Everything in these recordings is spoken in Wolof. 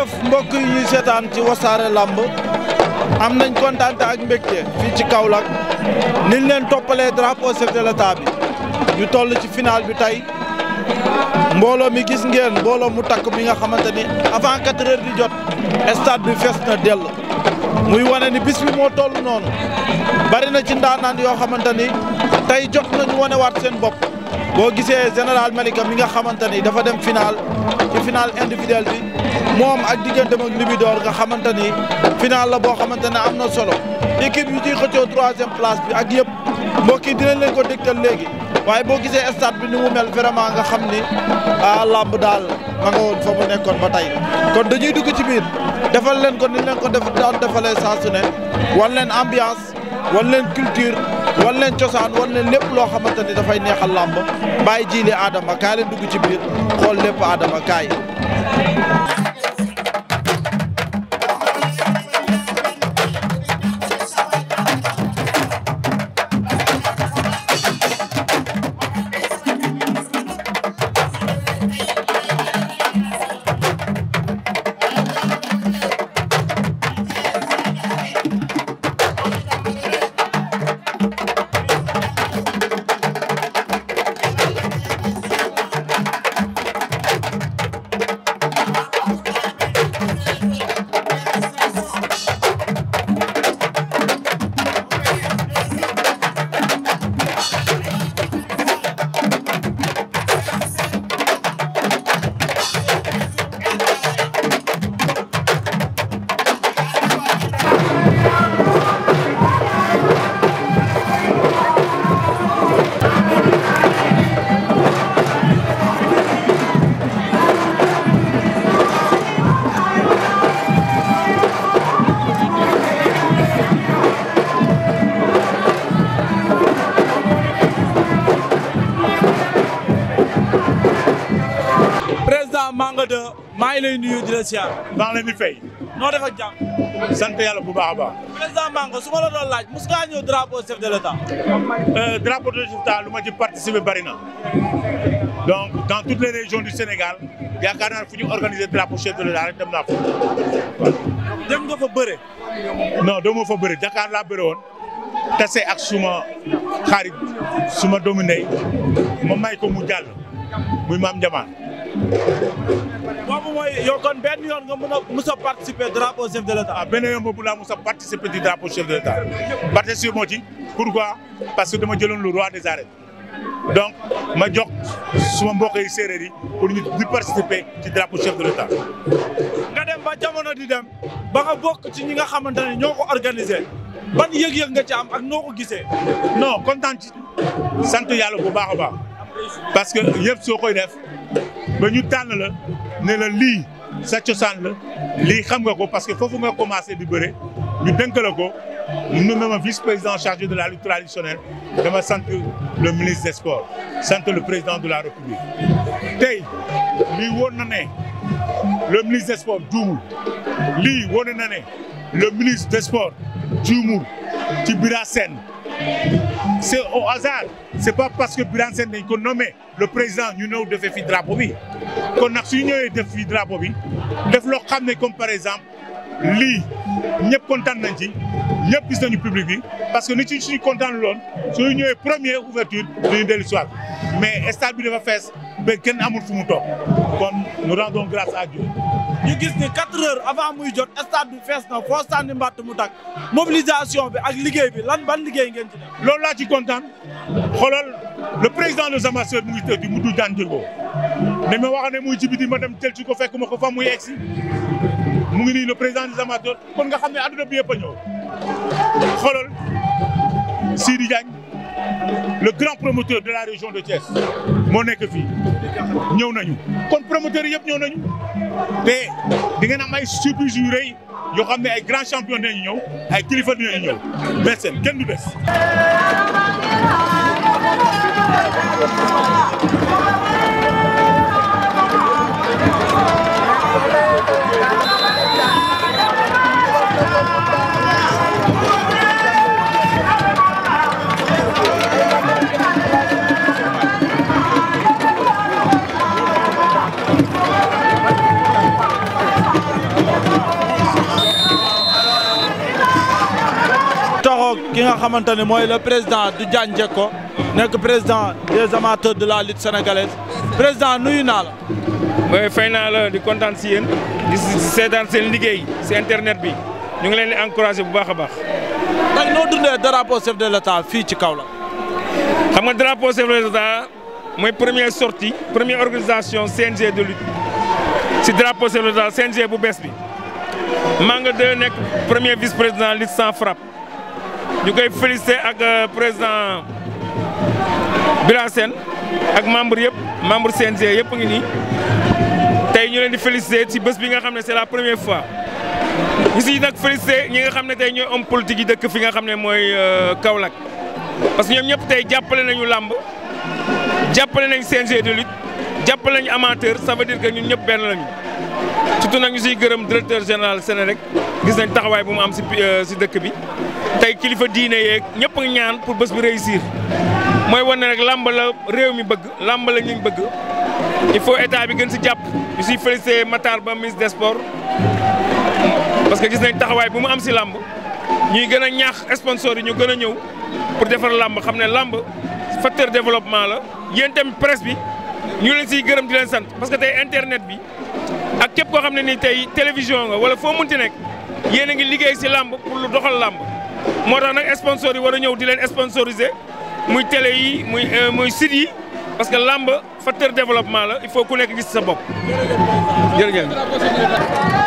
jërëjëf mbokk yi seetaan ci wasaare làmb am nañ kontaante ak mbégte fii ci Kaolack niñ leen toppalee drapo chef de l'État bi ñu toll ci final bi tey mbooloo mi gis ngeen mbooloo mu takk mi nga xamante ni avant quatre heures di jot stade bi fees na dell muy wane ni bis bi moo toll noonu bari na ci ndaanaan yoo xamante ni tey jot nañu waat seen bopp boo gisee général Malika mi nga xamante ni dafa dem final ci final individuel bi moom ak digganteem ak Libidor nga xamante ni final la boo xamante ne am na solo équipe yu ciy xëccoo troisième place bi ak yëpp mbokk yi dinañ leen ko dégtal léegi waaye boo gisee stade bi ni mu mel vraiment nga xam ni ah làmb daal ma nga woon nekkoon ba tey kon dañuy dugg ci biir defal leen ko ni leen ko def daan defalee saa ne wan leen ambiance wan leen culture. wan leen cosaan wan lépp loo xamante ni dafay neexal làmb bàyyi jiile aadama kaay leen dugg ci biir xool lépp aadama kaay leen di fay. noo sant yàlla bu baax a baax. président Manko su ma la doon laaj mos ngaa ñëw drapeau chef de l' état. Euh, drapeau chef de l' état bari na donc dans toutes les yaakaar naa fu ñu organiser drapeau chef de l' état rek dem naa fa. dem nga fa bëre. non doo fa bëre Dakar laa bëre woon. tase ak suma xarit suma doomu ndey ma may ko mu jàll muy maam Jamaan. boobu mooy yow benn yoon nga mën a mus a participer drapeau chef de l' état. ah benn yoon boobu laa mus a participer di drapeau chef de l' état moo ci pourquoi parce que dama jëloon le roi des arènes donc ma jox suma mbokk yi séeréer yi pour ñu di participer ci drapeau chef de l' nga dem ba jamono di dem ba nga bokk ci ñi nga xamante ne ñoo ko organisé ban yëg-yëg nga ci am ak noo ko gisee. no kontaan ci sant yàlla bu baax a baax parce que yëpp soo koy def. ba ñu tànn la ne la lii sa cosaan la lii xam nga ko parce que foofu nga commencé di bëre ñu dënk la ko ñu ne ma vice président chargé de la lutte traditionnelle dama sant le ministre des sports sant le président de la république tey lii woon na ne le ministre des sports lii woon na ne le ministre des sports juumul ci Bira Sène c'est au hasard c'est pas parce que Birane Sène dañ ko nommé le président ñu ñëw defee fi drapeau bi kon nag suñu ñëwee def fi drapeau bi def loo xam ne comme par exemple lii ñëpp kontaan nañ ci ñëpp gis nañu public bi parce que ni ci suñu kontaan loon suñu ñëwee première ouverture dañu dellu soir mais stade bi dafa fees ba kenn amul fu mu toog kon nous rendons grâce à Dieu. ñu gis ni quatre heures avant muy jot stade bi fees na foo sànni mbàtt mu tàkk mobilisation bi ak liggéey bi lan ban liggéey ngeen ci def. loolu laa ci kontaan xoolal le président des amateurs mu ngi tëdd Moudou Diagne Diogo ne ma wax ne muy ci biti ma dem tel ci ko fekk ma ko fa muy si mu ngi nii le président des amateurs kon nga xam ne àdduna bi yëpp a ñëw xoolal le grand promoteur de la région de Thiès moo nekk fii ñëw nañu kon promoteurs yëpp ñëw nañu te di ngeen am ay surprise yu rëy yoo xam ne ay grand champion dinañu ñëw ay kilifa dinañu ñëw bés seen kenn du des jàkkaarloog ki nga xamante ne mooy le président du Diagne Diecko nekk président des amateurs de la lutte sénégalaise président nuyu naa la. mooy fay naa la di kontaan si yéen di seetaan seen liggéey si internet bi ñu ngi leen di encouragé bu baax a baax. tey noo dundee drapeau chef de l'état fii ci Kaolack. xam nga drapeau chef de l'état mooy première sortie première organisation CNG de lutte si drapeau chef de l'état CNG bu bees bi. maa nga nekk premier vice président lutte sans frappe ñu koy félicité ak euh, président Birane ak membre yëpp membre CNG yëpp ngi nii tey ñu leen di félicité ci bés bi nga xam ne c'est la première fois ñu si nag félicité ñi nga xam ne tey ñooy homme politique yi dëkk fi nga xam ne mooy euh, Kaolack parce que ñoom ñëpp tey jàppale nañu làmb jàppale nañ CNG de lutte jàppale nañu amateur ça veut que ñun ñëpp benn lañu surtout nag ñu siy gërëm directeur général rek gis nañ taxawaay bu mu am si euh, si dëkk bi tey kilifa diine yeeg ñëpp a ñaan pour bés bi réussir mooy wane rek làmb la réew mi bëgg làmb la ñu bëgg il faut état bi gën si jàpp ñu siy félicité Matar Ba ministre des parce que gis nañ taxawaay bu mu am si làmb ñuy gën a ñaax sponsor yi ñu gën a ñëw pour defar làmb xam ne làmb facteur développement la yéen tamit bi ñu leen siy gërëm di leen sant parce que internet bi. ak képp koo xam ne ni tey télévision nga wala foo munti nekk yéen a ngi liggéey si làmb pour lu doxal làmb moo tax nag sponsor war a ñëw di leen sponsoriser muy télé yi muy euh, muy parce que làmb facteur développement la il faut ku nekk gis sa bopp jërëjëf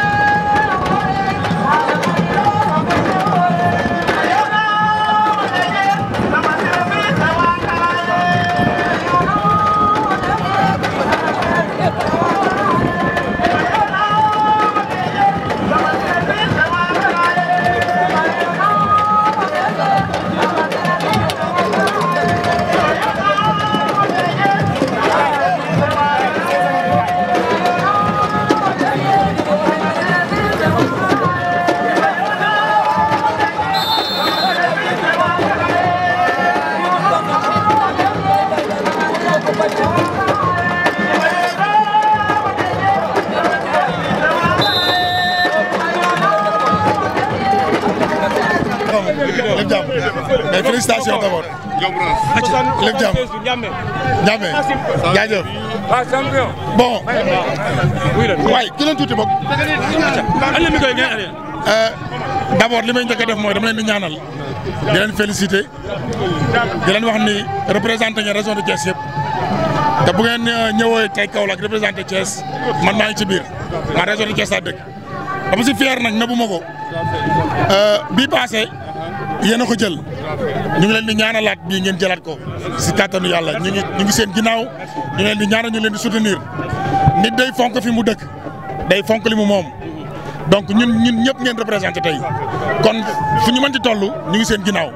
tuuti boog. Euh, d' abord li may njëkk a def mooy dama leen di ñaanal di leen félicité di leen wax ni représenté ngeen région de Thiès yëpp te bu ngeen euh, ñëwee tey Kaolack représenté Thiès man maa ngi ci biir maa région de Thiès laa dëkk dama si fier nag nëbbu ma ko euh, bii passé yéen a ko jël ñu ngi leen di ñaanalaat bii ngeen jëlaat ko si kàttanu yàlla ñu ngi ñu ngi seen ginnaaw ñu ngi leen di ñaanal ñu leen di soutenir nit day fonk fi mu dëkk. day fonk li mu moom donc ñun ñun ñëpp ngeen représenté tey kon fu ñu mën ci ñu ngi seen ginaaw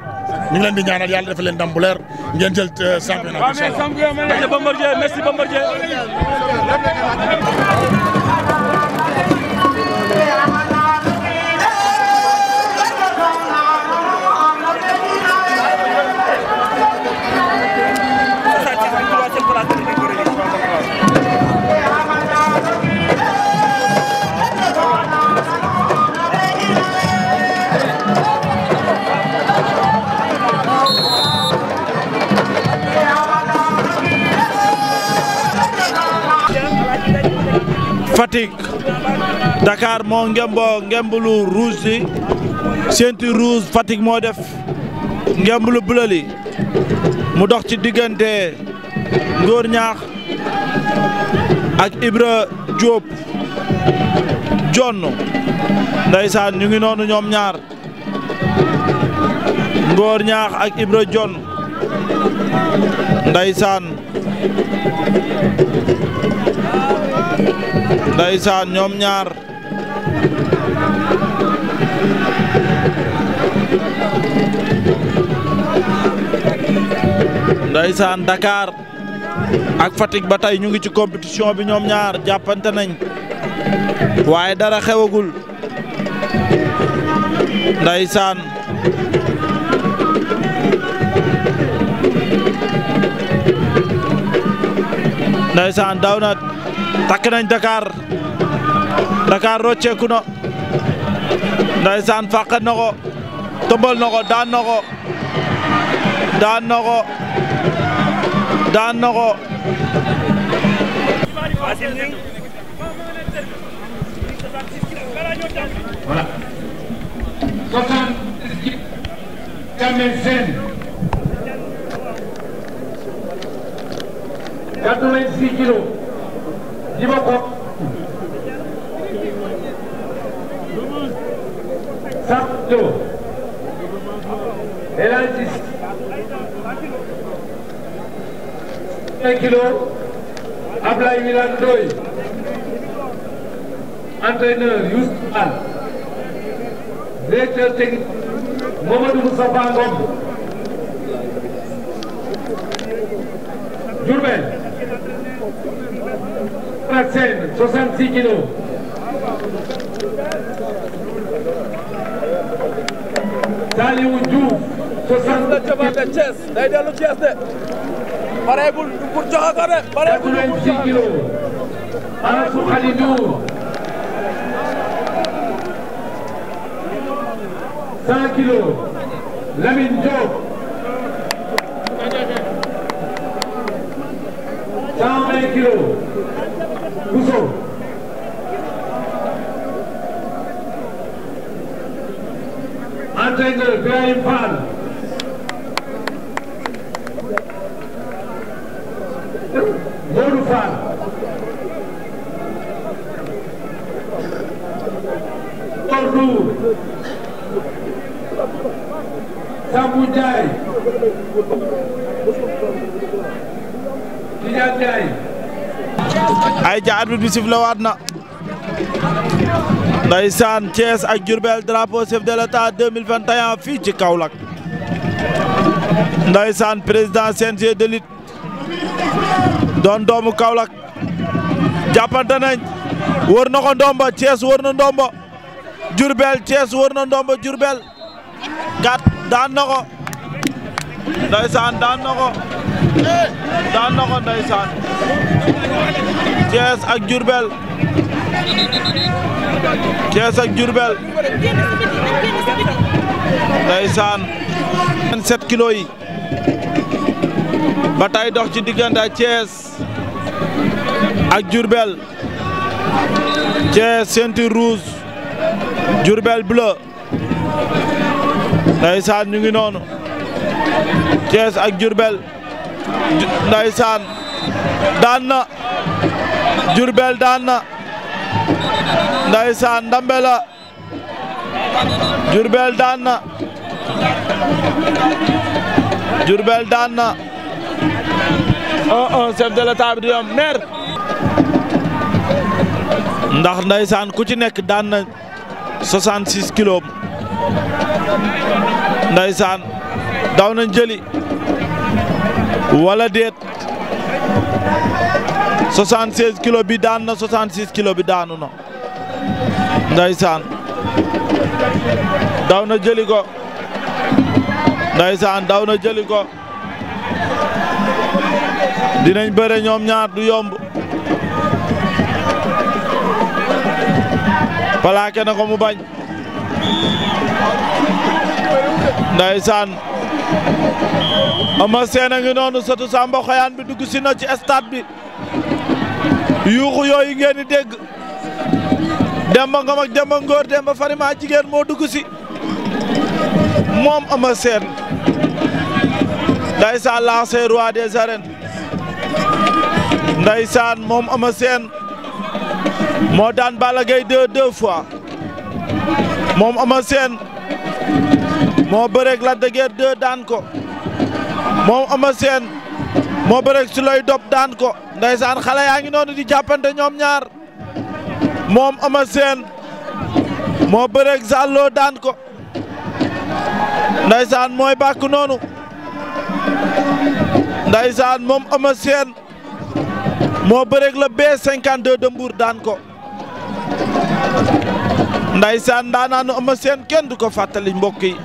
ñu ngi leen di ñaanal yàlla defal leen ndam bu leer ngeen jël euh, championnat bi incha allah. merci Bombardier Fatick Dakar moo ngemboo ngembulu ruus li ceinture rouge Fatick moo def ngembulu bleu mu dox ci diggante ngóor Ñaax ak Ibra Diop jonn ndeysaan ñu ngi noonu ñoom ñaar Ngor Ñaax ak Ibra jonn ndeysaan ndeysaan ñoom ñaar ndeysaan Dakar ak Fatick ba tey ñu ngi ci compétition bi ñoom ñaar jàppante nañ waaye dara xewagul ndeysaan ndeysaan daw takk nañ Dakar Dakar rocceeku na ndaysaan fàqat na ko tëmbal na ko daan na ko daan na daan na ko li ma ko sarto elantis un kilo Ablaye Wilane Ndoye entraîneur Youssou Al directeur technique Mamadou Moustapha Ngom Diourbel Amath Sène 66 kilos. Saliou Diouf 60 kilos. day dellu Thiès de. pareegul pour joxe ko de. pareegul pour joxe ko de 86 kilos. Arassou Khalidou 100 kilos. Lamine Diop. 120 kilos. Bousso entraîneur Birahim Fall Modou Fall Ordu Sambou Ndiaye Tidiane Ndiaye ay ca arbitre bi sifle waat na ndeysaan Thiès ak Diourbel drapeau chef de l'État 2021 fii ci Kaolack ndeysaan président CNG de lutte doon doomu Kaolack jàppante nañ wër na ko ndomba Thiès wër na ndomba Diourbel Thiès wër na ndomba kat daan na ko ndeysaan daan na daan na ko ndeysaan Thiès ak Diourbel Thiès ak Diourbel ndeysaan 27 kilos yi ba dox ci diggante Thiès ak Diourbel Thiès ceinture rouge Diourbel bleu ndeysaan ñu ngi noonu Thiès ak Diourbel ndaysaan daan na Jurbel daan na ndaysaan ndambe la Jurbel daan na Jurbel daan na un un chef de l'État bi ndax ndaysaan ku ci nekk daan na 66 kilos ndaysaan daw nañ jëli wala déet 76 kilo bi daan na 66 kilo bi daanu na ndaysaan daw na jëli ko ndaysaan daw na jëli ko dinañ bëre ñoom ñaar du yomb plaqué ko mu bañ ndaysaan Eumeu Sène a ngi noonu sëtu Xoyaan bi dugg si na ci stade bi yuuxu yooyu ngeen di dégg Demba Ngom ak Demba Ngor Demba Farima jigéen moo dugg si moom Eumeu Sène ndaysaan lancé roi des arènes ndaysaan moom Eumeu Sène moo daan Balla Gaye deux deux fois moom Eumeu Sène moo bëreeg la de Guiers 2 daan ko moom Eumeu Sène moo bëreeg Souleye Diop daan ko ndeysaan xale yaa ngi noonu di jàppante ñoom ñaar moom Eumeu Sène moo bëreeg Zallo daan ko ndeysaan mooy bàkk noonu nday ndeysaan moom Eumeu Sène moo bëreeg la B52 de Mbour daan ko ndaysaan daanaanu Eumeu Sène kenn du ko fàttali mbokk yi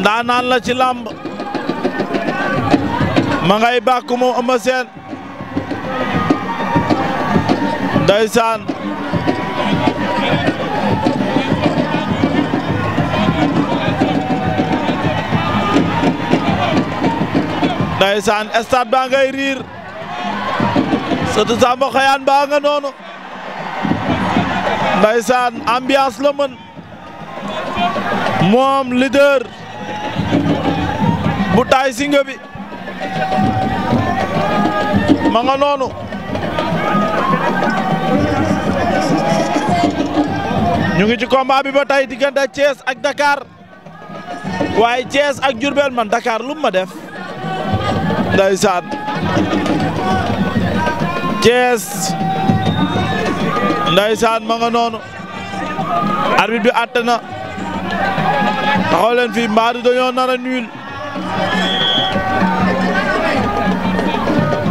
ndaanaan la ci làmb ma ngay bàkk moom Eumeu Sène ndeysaan baa ngay riir sëtu Samba Xayaan baa nga noonu ndeysaan ambiance la mën moom leader bu taay singa bi ma noonu ñu ngi ci combat bi ba tey diggante Thiès ak Dakar waaye Thiès ak Diourbel man Dakar lu ma def ndeysaan Thiès ndeysaan ma nga noonu arbitre bi àtte na taxaw leen fii mbaa du dañoo nar a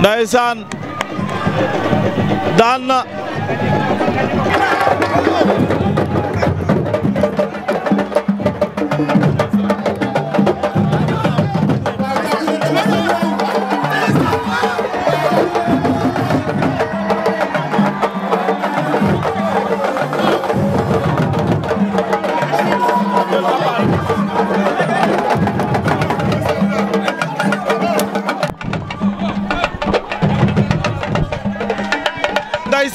ndaysaan daan na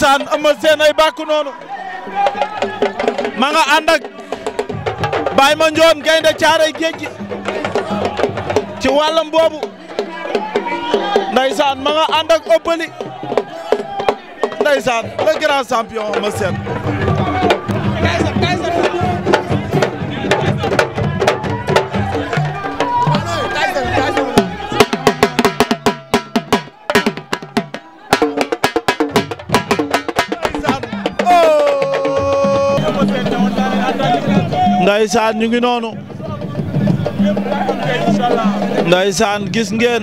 ndeysaan Eumeu ay bàkku noonu ma nga ànd ak Baye Mandione gaynde caaray géej gi ci wàllam boobu ndeysaan ma nga ànd ak Obeuli ndeysaan le grand champion Eumeu Sène Ndeysaan ñu ngi noonu Ndeysaan gis ngeen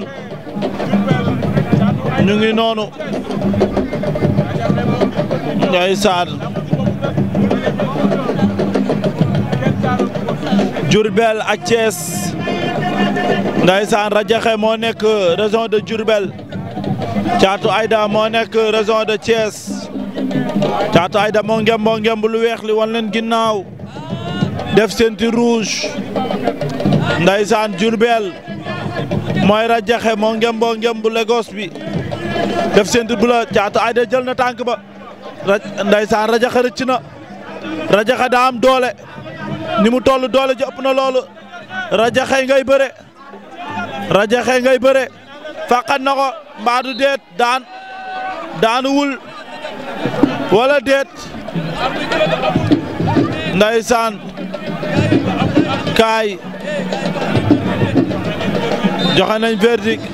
ñu ngi noonu Ndeysaan Diourbel ak Thiès Ndeysaan Radiakhé moo nekk région de Diourbel Thiatou Aïda moo nekk région de Thiès Thiatou Aïda moo ngemb moo ngemb lu weex wan leen ginnaaw def ceinture rouge ndaysaan Diourbel mooy rajaxe moo ngem boo ngem bi def ceinture bu la Caatu Ayda jël na tànk ba ndaysaan rajaxe rëcc na rajaxe daa am doole ni mu toll doole ji ëpp na loolu rajaxe ngay bëre rajaxe ngay bëre faqat na ko mbaadu deet daan daanuwul wala deet ndaysaan kaay joxe nañ verdict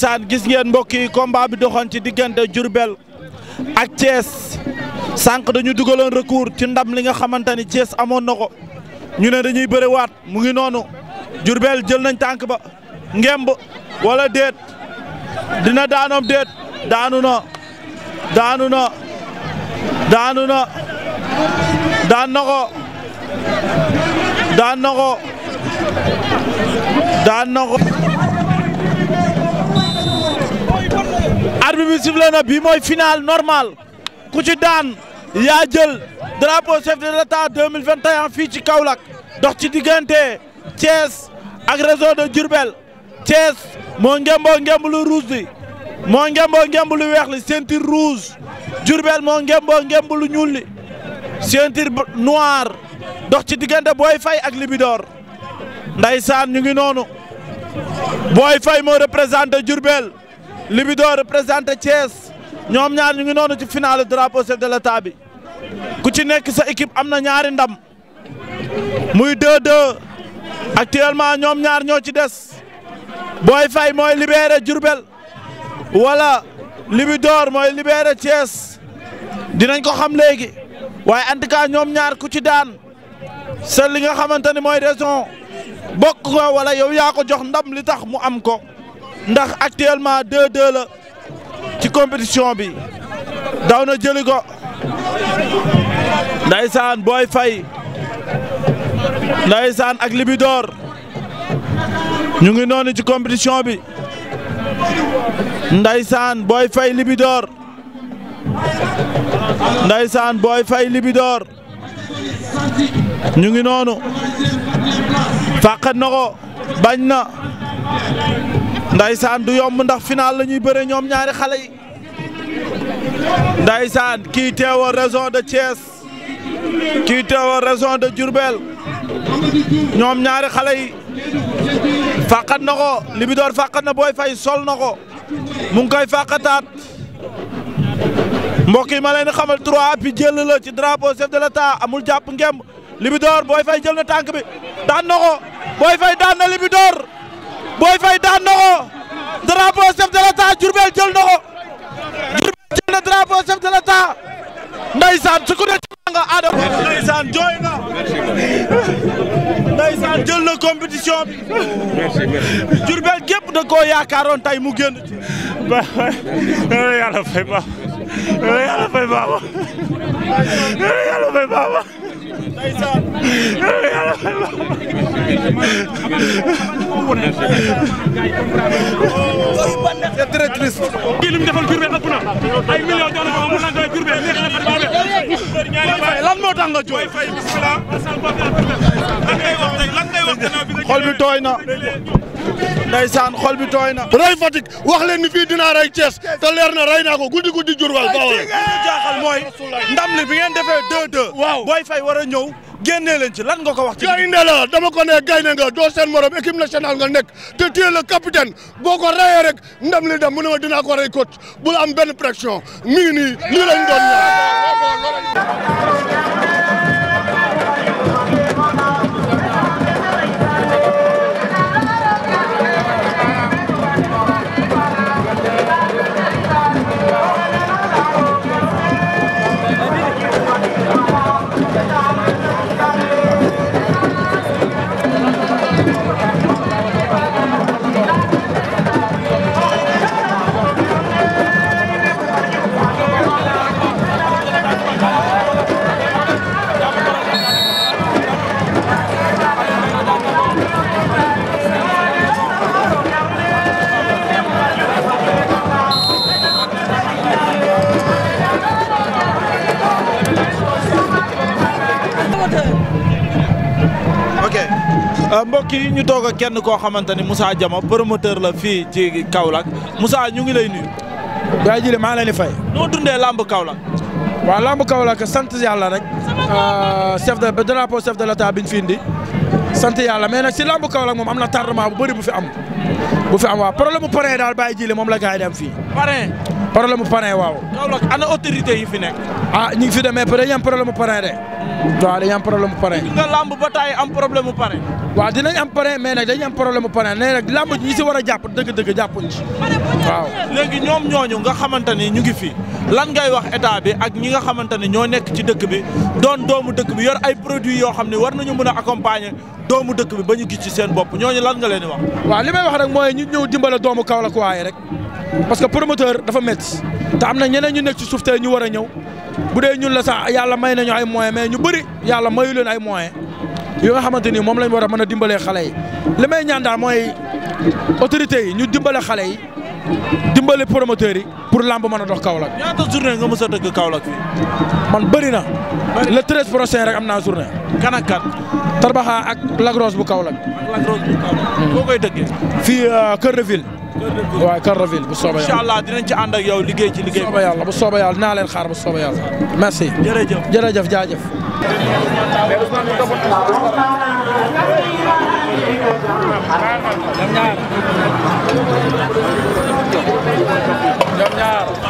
ndeysaan gis ngeen mbokk yi combat bi doxoon ci diggante Diourbel ak Thiès sànq dañu dugaloon recours ci ndam li nga xamante ni Thiès amoon na ko ñu ne dañuy bëriwaat mu ngi noonu jurbel jël nañ tànk ba ngemb walla déet dina daanoom déet daanu no daanu na daanu na daan na bi na bii mooy final normal ku ci daan yaa jël drapeau chef de l'État fii ci Kaolack dox ci diggante Thiès ak réseau de Diourbel Thiès moo ngemboo ngemb lu moo ngemboo ngemb lu weex li ceinture moo ngemboo ngemb lu ñuul li dox ci diggante Boy Faye ak Libidor ndeysaan ñu ngi noonu Boy Faye moo représenté Diourbel Libidor représenté Thiès ñoom ñaar ñu ngi noonu ci finale drapeau chef de l'État bi ku ci nekk sa équipe am na ñaari ndam muy 2-2 actuellement ñoom ñaar ñoo ci des Boy Faye mooy libéré Diourbel wala Libidor mooy libéré Thiès dinañ ko xam léegi waaye en ñoom ñaar ku ci daan sa li nga xamante ni mooy raison bokk ko wala yow yaa ko jox ndam li tax mu am ko. ndax actuellement 2-2 la ci compétition bi daw na jëli ko ndaysaan booy fay ndaysaan ak libidoor ñu ngi noonu ci compétition bi ndaysaan booy fay libidoor ndaysaan booy fay libidoor ñu ngi noonu fàqat na ko bañ na ndaysaan du yomb ndax final la ñuy bëre ñoom ñaari xale yi ndaysaan kii teewoo raison de Thiès kii teewoo raison de Diourbel ñoom ñaari xale yi fàqat na ko Libidor fàqat na booy fay sol na ko mu ngi koy fàqataat mbokk ma leen xamal trois bi jël la ci drapeau chef de l'État amul jàpp ngemb Libidor Boy Faye jël na tànk bi daan na ko Boy daan na Libidor Boy Faye daan na ko drapeau chef de l'État Diourbel jël na ko Diourbel jël na drapeau chef de l'État ndeysaan su ko ne nga Adama ndeysaan jooy na ndeysaan jël mu génn ba yàlla fay baax fay baax yàlla fay baax fay baax c'est très triste kii li mu defal Jurbel ëpp na lan moo tax nga jooy. xol bi tooy na. ndeysaan xol bi tooy na rey Fatick wax leen ni fii dinaa rey Thiès te leer na rey na ko guddi guddi Diourbel bawol li ñu ndam li bi ngeen defee deux deux waaw Boy Faye war a ñëw génnee leen ci lan nga ko wax ci gaynde la dama ko ne gaynde nga doo seen morom équipe nationale nga nekk te téye la capitaine boo ko reyee rek ndam li dem mu ne ma dinaa ko rey coach bul am benn pression mi ngi nii lii Euh, mbokk yi ñu toog ak kenn koo xamante ni Moussa Diama promoteur la fii ci Kaolack Moussa ñu ngi lay nuyu. yaa jëlee maa ngi leen di fay. noo dundee lamb Kaolack. waa lamb Kaolack sant yàlla rek. Euh, chef de drapeau chef de l'état bi ñu fi indi. sant yàlla mais nag si lamb Kaolack moom am na tardement bu bëri bu fi am. bu fi am waaw problème mu parrain daal baa jëlee moom la gars dem fii. problème mu parrain waaw. Kaolack ana autorité yi fi nekk. Ah, ñi ñu ngi fi demee dañuy am problème mu parrain de. waaw dañuy am problème mu parrain. nga lamb ba am problème mu parrain. waa dinañ am parrain mais nag dañuy am problème mu parrain nee nag lamb ñi si war a jàpp dëgg-dëgg jàppuñ ci waaw. léegi ñoom ñooñu nga xamante ni ñu ngi fi lan ngay wax état bi ak ñi nga xamante ni ñoo nekk ci dëkk bi doon doomu dëkk bi yor ay produits yoo xam ne war nañu mën a accompagner doomu dëkk ñu gis ci seen bopp ñooñu lan nga leen wax. waaw li may wax rek mooy ñu ñëw dimbale doomu Kaolack waaye rek parce que promoteur dafa métti te am na ñeneen ñu nekk ci suuf tey ñu war a ñëw bu dee ñun la sax yàlla may nañu ay moyens mais ñu bëri yàlla mayu leen ay moyens yu nga xamante ni moom lañ war a mën a dimbalee xale yi li may ñaan daal mooy autorités yi ñu dimbale xale yi dimbale promoteurs yi pour lamb mën a dox Kaolack. ñaata journée nga mës a dëgg Kaolack fii. man bëri na. le treize prochain rek am naa journée. kan ak Tarbaxa ak Lagros bu kaw ak hmm. koy dëggee. fii Kër euh, Kër de Ville Kër de bu soobee yàlla. incha dinañ ci ànd ak yow liggéey ci liggéey. bu soobee yàlla bu soobee yàlla dinaa leen xaar bu soobee yàlla. merci jërëjëf jërëjëf jaajëf. ñoom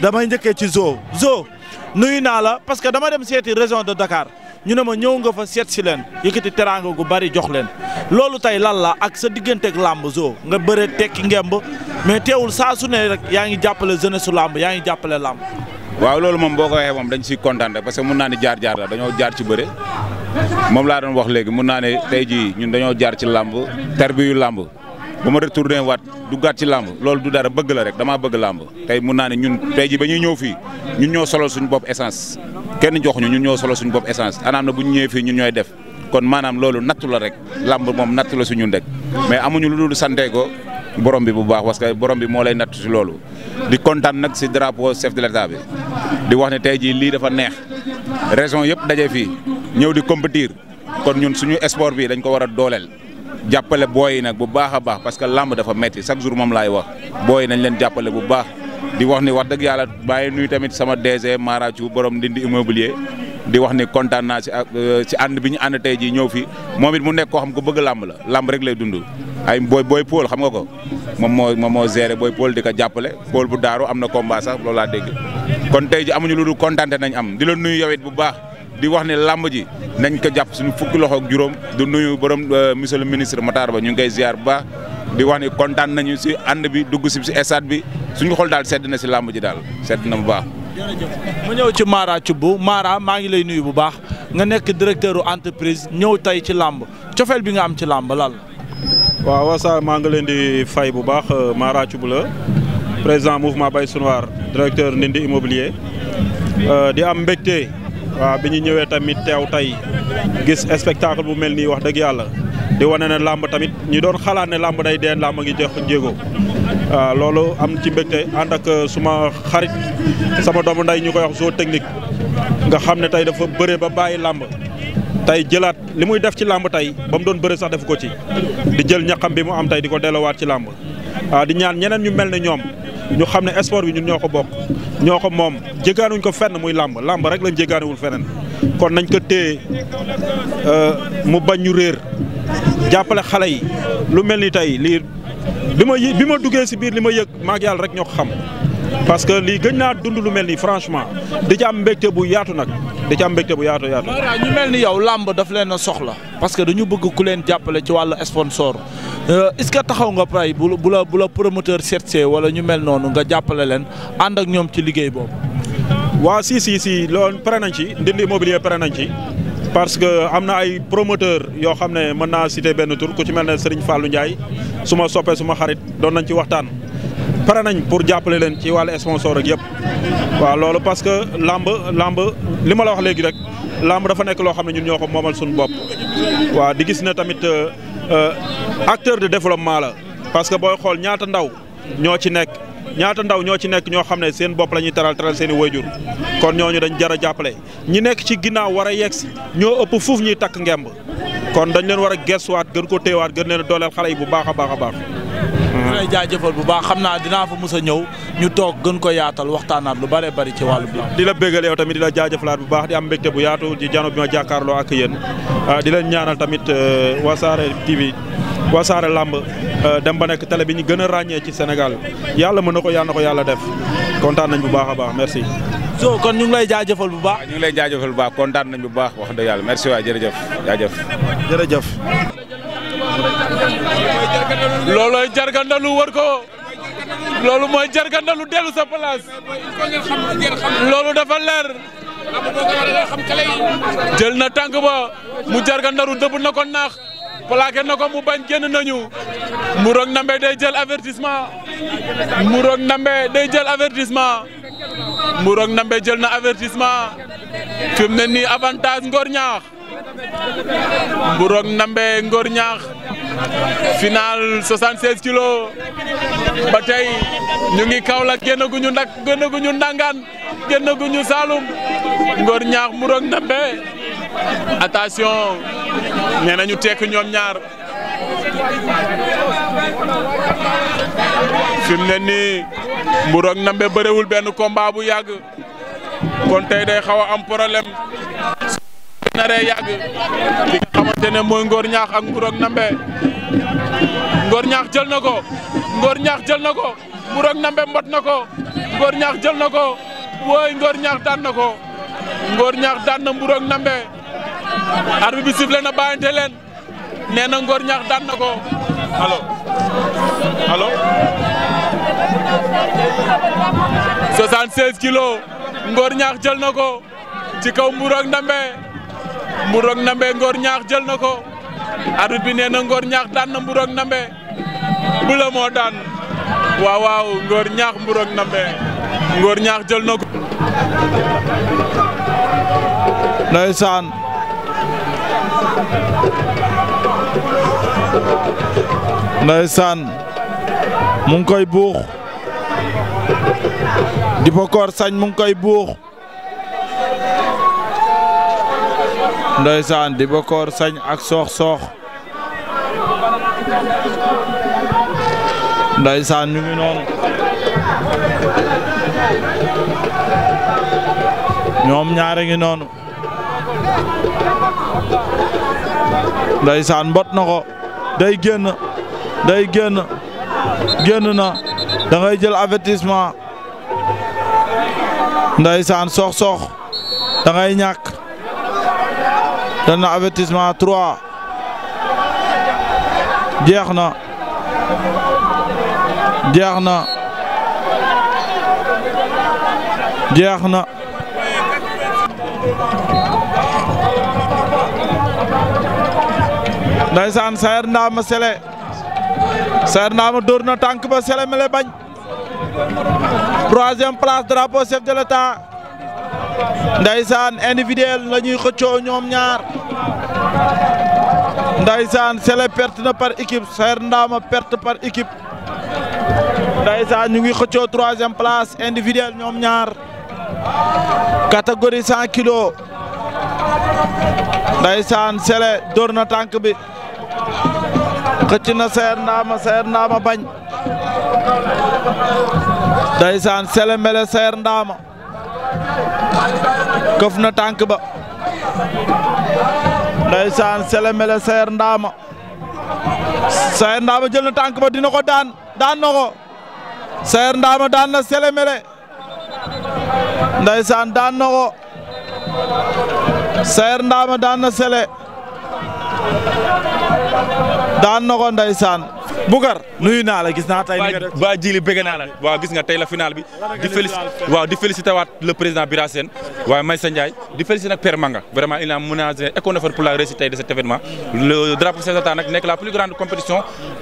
damay njëkkee ci zoo zoo nuyu naa la parce que dama dem seeti région de dakaar ñu ne ma ñëw nga fa seet si leen yëkkati teraanga gu bari jox leen loolu tey lan la ak sa digganteeg làmb zoo nga bëre tekki ngemb mais teewul saa su ne rek yaa ngi jàppale jeunesse su làmb yaa ngi jàppale làmb. waaw loolu moom boo ko waxee moom dañ siy kontaan rek parce que mun naa ne jaar jaar la dañoo jaar ci bëre moom laa doon wax léegi mun naa ne tey jii ñun dañoo jaar ci làmb tarbiyu làmb. ba ma retourné waat du gàtt ci làmb loolu du dara bëgg la rek damaa bëgg làmb tey mun naa ne ñun tey ji ba ñuy ñëw fii ñun ñoo solo suñu bopp essence kenn jox ñu ñun ñoo solol suñu bopp essence anaam na bu ñu ñëwee fii ñun ñooy def kon maanaam loolu nattu la rek làmb moom nattu la suñu ndek mais amuñu lu dul santee ko borom bi bu baax parce que borom bi moo lay natt si loolu di kontaan nag si drapeau chef de l'état bi di wax ne tey jii lii dafa neex raison yëpp daje fii ñëw di compétir kon ñun suñu sport bi dañ ko war a dooleel jàppale booy yi nag bu baax a baax parce que làmb dafa metti chaque jour moom laay wax booy yi nañ leen jàppale bu baax di wax ni wax dëgg yàlla bàyyi nuyu tamit sama DG Mara Thiou borom ndindi immobilier di wax ni kontaan naa si si euh, ànd bi ñu ànd tey jii ñëw fi moom it mu nekk koo xam ko bëgg làmb la làmb rek lay dund ay booy booy Paul xam nga ko moom moo moom moo géré booy Paul di ko jàppale Paul bu daaru am na combat sax loolu laa dégg kon tey ji amuñu nañ am di la nuyu yow bu baax. di wax ne làmb ji nañ ko jàpp suñu fukki loxo ak juróom du nuyu borom euh, monsieur le ministre Matar Ba ñu ngi koy ziar bu baax di wax ne kontaan nañu si ànd bi dugg si si stade bi suñu xol daal sedd na si làmb ji daal sedd na bu baax. jërëjëf ma ñëw ci Mara bu Mara maa ngi lay nuyu bu baax nga nekk directeur entreprise ñëw tey ci làmb cofeel bi nga am ci làmb lal waaw wasaar maa ngi leen di fay bu baax euh, Mara bu la président mouvement Bay Sunwar directeur Ndindi immobilier euh, di am mbégte. waaw bi ñu ñëwee tamit teew tey gis spectacle bu mel nii wax dëgg yàlla di wane na làmb tamit ñu doon xalaat ne làmb day dee làmb ngi jox jéego waaw ah, loolu am ci mbégte ànd ak uh, suma xarit sama doomu nday ñu koy wax zoo technique nga xam ne tey dafa bëre ba bàyyi làmb tey jëlaat li muy def ci làmb tey ba mu doon bëre sax def ko ci di jël ñaqam bi mu am tey di ko dellowaat ci làmb waa ah, di ñaan ñeneen ñu mel ne ñoom ñu xam ne sport bi ñun ñoo ko bokk ñoo ko moom jégaanuñ ko fenn muy làmb làmb rek lañ jégaanuwul feneen kon nañ ko téye euh, mu bañ ñu réer jàppale xale yi lu mel ni tey lii bi ma bi ma duggee si biir li ma yëg maag yàll rek ñoo ko xam parce que lii gëj naa dund lu mel nii franchement di ci am mbégte bu yaatu nag di ci am mbégte bu yaatu yaatu. ñu mel ni yow làmb daf leen a soxla. parce que dañu bëgg ku leen jàppale ci wàllu sponsor euh, est-ce que taxaw nga pay bu bu la bu la promoteur seetsee wala ñu mel noonu nga jàppale leen ànd ak ñoom ci liggéey boobu. waa si si si loolu pare nañ ci ndindi immobilier pare nañ ci. parce que am na ay promoteur yoo xam ne mën naa citer benn tur ku ci mel na Serigne Fallou Ndiaye su ma soppee su xarit doon nañ ci waxtaan. pare nañ pour jàppale leen ci wàllu sponsor rek yëpp waaw loolu parce que làmb làmb li ma la wax léegi rek làmb dafa nekk loo xam ne ñun ñoo ko moomal suñu bopp. waaw di gis na tamit euh, euh, acteur de développement la parce que booy xool ñaata ndaw ñoo ci nekk ñaata ndaw ñoo ci nekk ñoo xam ne seen bopp la ñuy taral taral seen i wayjur kon ñooñu dañ jar jàppale ñi nekk ci ginnaaw war a yegg si ñoo ëpp fuuf ñuy takk ngemb kon dañu leen war a gestuwaat gën ko téewaat gën leen a dooleel xale yi bu baax a baax a baax. lay jaajëfal bu baax xam naa dinaa fa mos a ñëw ñu toog gën ko yaatal waxtaanaat lu bëree bari ci wàll bi di la béggal yow tamit di la jaajëfalaat bu baax di am mbégte bu yaatu di jano bi ma jàkkaarloo ak yéen ah, di leen ñaanal tamit euh, wasaare TV wasaare làmb euh, dem ba nekk tele bi ñu gën a ràññee ci Sénégal yàlla mën na ko yàlla ko yàlla def kontaan nañ bu baax a baax merci soo kon ñu lay jaajëfal bu baax ñu ngi lay jaajëfal bu baax kontaan nañ bu baax wax dëgg yàlla merci waay jërëjëf jaajëf jërëjëf loolooy jargandalu war ko loolu mooy jargandalu dellu sa place loolu dafa leer jël na tànk ba mu jargandalu dëbb na ko naax plaqué na ko mu bañ génn nañu Mburok Ndambe day jël avertissement Mburok Ndambe day jël avertissement Mburok Ndambe jël na avertissement fi mu ne nii avantage Ngor Niakh Mburok Ndambe Ngor Ñaax final 76 kilos ba tey ñu ngi Kaolack génnaguñu ndak génnaguñu Ndangaan génnaguñu Saloum ngoor Ñaax Mburok Ndambe attention nee nañu tekk ñoom ñaar fi mu ne nii Mburok Ndambe bërewul benn combat bu yàgg kon tey day xawa a am problème. naree yàgg li nga xamante ne mooy Ngor ak Mburok Nambe Ngor Ñaax jël na ko Ngor jël na ko Mburok Nambe mbot na ko Ngor jël na ko wooy Ngor Ñaax na ko Ngor Ñaax daan na Mburok Nambe bi sifflé na bàyyante leen nee na Ngor Ñaax daan na ko allo allo 76 kilos Ngor Ñaax jël na ko ci kaw Mburok Ndambe Mburok Nambe ngoor Ñaax jël na ko arbitre bi nee na Ngor Ñaax na Mburok Nambe Bula moo daan waaw waaw Ngor Ñaax Mburok Nambe Ngor Ñaax jël na ko ndeysaan ndeysaan mu ngi koy buux di bokoor sañ mu ngi koy buux ndeysaan di bokoor sañ ak soox soox ndeysaan ñu ngi noonu ñoom ñaare ngi noonu ndeysaan mbot na ko day génn day génn génn na da ngay jël avertissement ndeysaan sox sox ñàkk dal na avertissement 3 jeex na jeex na jeex na ndaysaan Sayer Ndama Sele Sayer Ndama dóor na tànk ba Sele mele bañ troisième place drapeau chef de l'État ndaysaan individuel lañuy ñuy xëccoo ñoom ñaar ndaysaan Sélé perte na par équipe Saër Ndama perte par équipe ndaysaan ñu ngi xëccoo troisième place individuel ñoom ñaar catégorie cent kilos ndaysaan Sélé dóor na tànk bi xëcc na Saër Ndama Saër Ndama bañ ndaysaan Sélé mele Saër Ndama këf na tànk ba ndeysaan selemele sayer ndaama sayer ndaama jël na tànk ba dina ko daan daan na ko sayer ndaama daan na selemele ndeysaan daan na ko sayer ndaama daan na sele daan na ko ndeysaan Boucar nuyu naa la gis naa tey. ba jili bëgg naa waaw gis nga tey la final bi. di félicité waat le président Bira Sène waaye Maysa di félicité nag Père vraiment il a ménagé école pour la réussite tey de cet événement. le drapeau Sélata nag nekk la plus grande compétition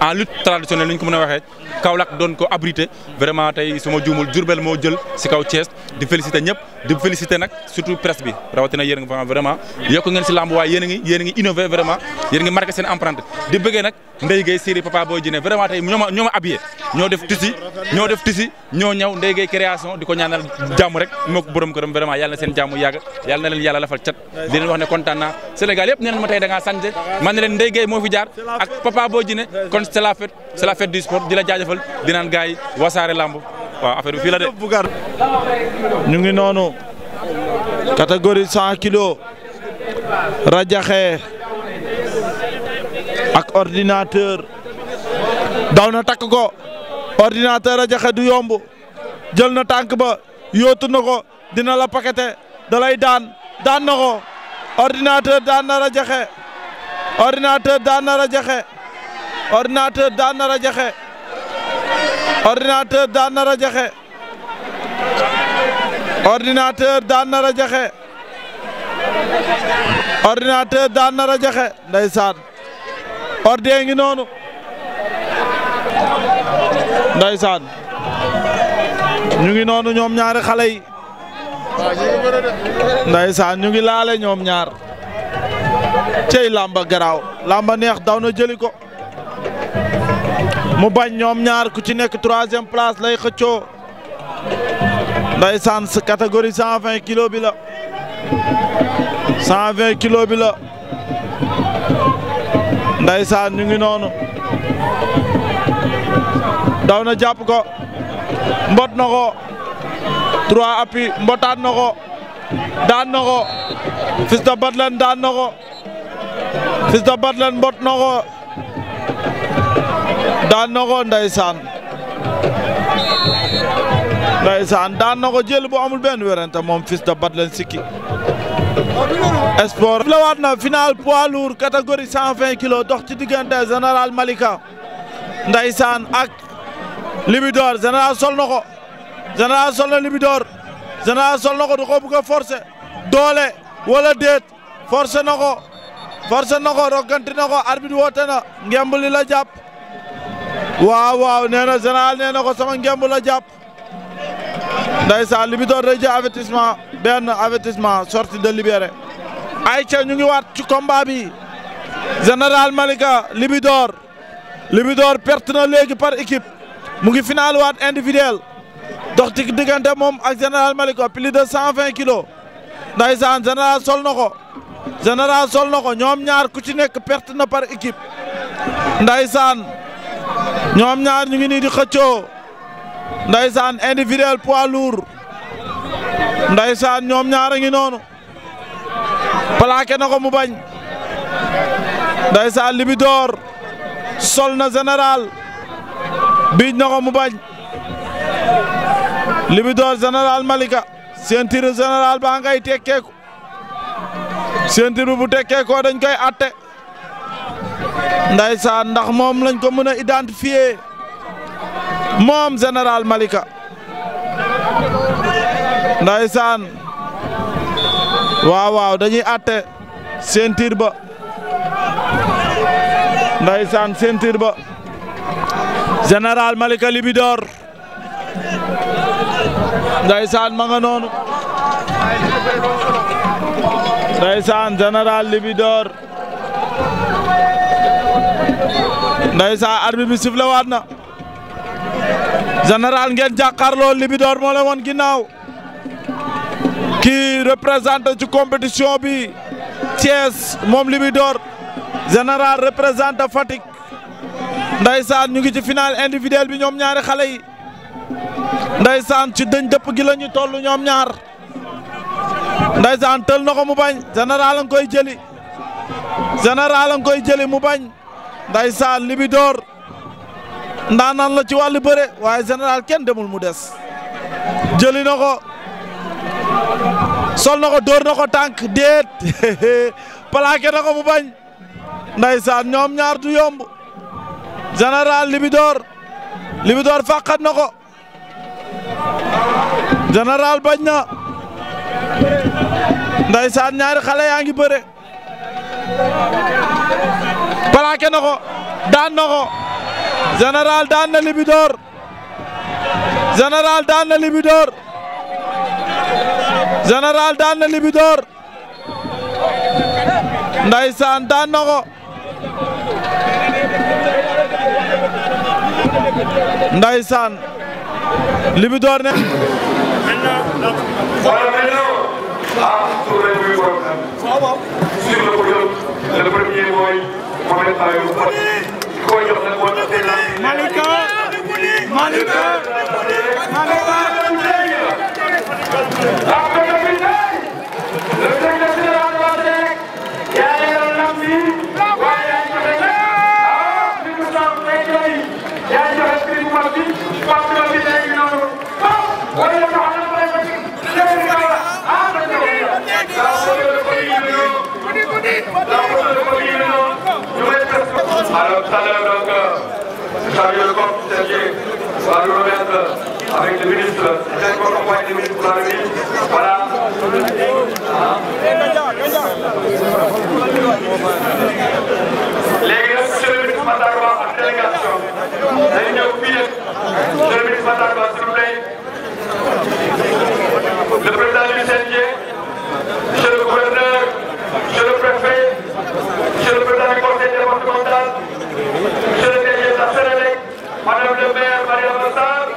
en lutte traditionnelle ni ñu ko mën a waxee ko abrité vraiment tey su juumul Diourbel moo jël si kaw Thiès di félicité ñëpp di félicité nag surtout presse bi a a a ne vraiment tey ñoo ma def tisi ñoo def tisi ñoo création di ko ñaanal jàmm rek moo ko borom këram vraiment yàlla na seen jàmm yàgg yàlla na leen yàlla lafal cat di leen wax ne kontaan naa Sénégal yëpp neen ma tey da ngaa sant leen ndéygay moo fi ak papa boo jine la fête c'est la fête du sport di la jaajëfal di naan wasaare lamb waaw affaire bi fii la noonu catégorie 100 kilos ak ordinateur daw na takk ko ordinateur a du yomb jël na tànk ba yóotu na ko dina la pakete da lay daan daan na ko ordinateur daan na rajaxe ordinateur daan na rajaxe ordinateur daan na rajaxe ordinateur daan na rajaxe ordinateur daan na rajaxe ordinateur daan na rajaxe ndeysaan noonu ndeysaan ñu ngi noonu ñoom ñaari xale yi ndeysaan ñu ngi laale ñoom ñaar cey làmba garaaw làmba neex daw na jëli ko mu bañ ñoom ñaar ku ci nekk troisième place lay xëccoo ndeysaan catégorie cent vingt kilo bila la cent vingt kilos bila la ndeysaan ñu ngi noonu daw na jàpp ko mbot na ko trois appuis mbotaat na daan na ko Fils de daan na ko Fils de mbot na ko daan na ko ndeysaan ndeysaan daan na ko jël bu amul benn werante moom Fils de Batlen sikki sport la waat na final poids lourd catégorie 120 kilos dox ci diggante général Malika ak Libidor Général sol na ko Général sol na Libidor Général sol na ko da koo bëgg a doole wala déet forcer na ko forcer na ko rogganti na na ngemb la jàpp waaw waaw nee na Général nee na ko sama ngemb la jàpp ndeysaan Libidor day jël avertissement benn avertissement sortie de libéré ayca ñu ngi waat ci combat bi Malika Libidor Libidor perte na par équipe mu ngi final waat individuel dox ci diggante moom ak général Malika plus de cent vingt kilos ndaysaan général sol na ko général sol na ko ñoom ñaar ku ci nekk perte na par équipe ndaysaan ñoom ñaar ñu ngi nii di xëccoo ndaysaan individuel poids lourd ndaysaan ñoom ñaar a ngi noonu plaqué na ko mu bañ ndaysaan Libidor sol na général biij na ko mu bañ Libidor général Malika ceinture général baa ngay tekkeeku ceinture bu tekkeekoo dañ koy atte ndaysaan ndax moom lañ ko mën a identifier moom général Malika ndaysaan waaw waaw dañuy atte ceinture ba ndaysaan ceinture ba général Malika Libidor ndaysaan ma nga noonu ndaysaan général Libidor ndaysaan arbitre bi sifflé waat na général ngeen jàkkaarloo Libidor moo leen woon ginnaaw ki représenté ci compétition bi Thiès moom door général représenté Fatick ndaysaan ñu ngi ci final individuel bi ñoom ñaari xale yi ndaysaan ci dëñ dëpp gi la ñu toll ñoom ñaar ndaysaan tël na ko mu bañ général a koy jëli général a koy jëli mu bañ ndaysaan Libidor ndaanaan la ci wàllu bëre waaye général kenn demul mu des jëli na ko sol na ko dóor ko tànk déet plaqué ko mu bañ ndaysaan ñoom ñaar du yomb général Libidor Libidor fàqat na ko général bañ na ndeysaan ñaari xale yaa ngi bëre plaqué na ko daan na ko général daan na Libidor général daan na Libidor général daan daan na ko ndaysaan Libidor ne voilà maintenant ah suuf rek muy borom sur le podium le premier mooy Mohamed Ayou Fat ki koy chargé de compte du CNG va nous remettre avec le ministre, chaque fois qu'on le ministre pour la nuit. Voilà. léegi nag monsieur le ministre Matar Ba ak délégation day ñëw fii rek monsieur le ministre Matar Ba s'il vous plaît le président du CNG monsieur le gouverneur monsieur le préfet monsieur le président du conseil départemental monsieur le DG de la madame le maire Mariama Sarr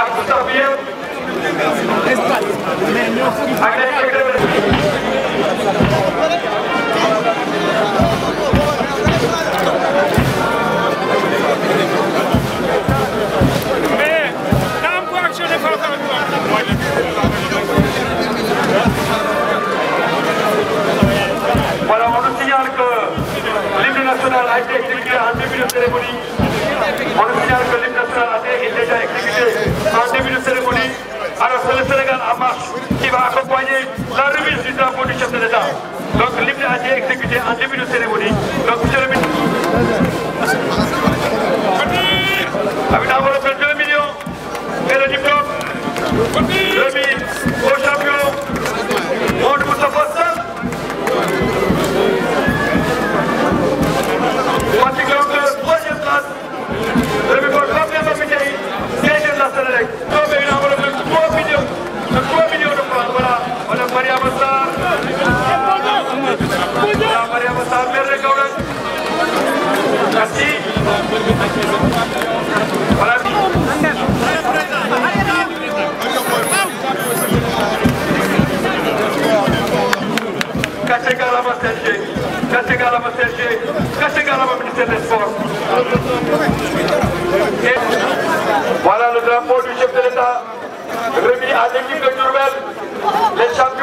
ak staff bi yëpp ak grâce également au CNG, grâce également au ministère des Sports. Et voilà le drapeau du chef de l'État remis à l'équipe de Durbel, les champions.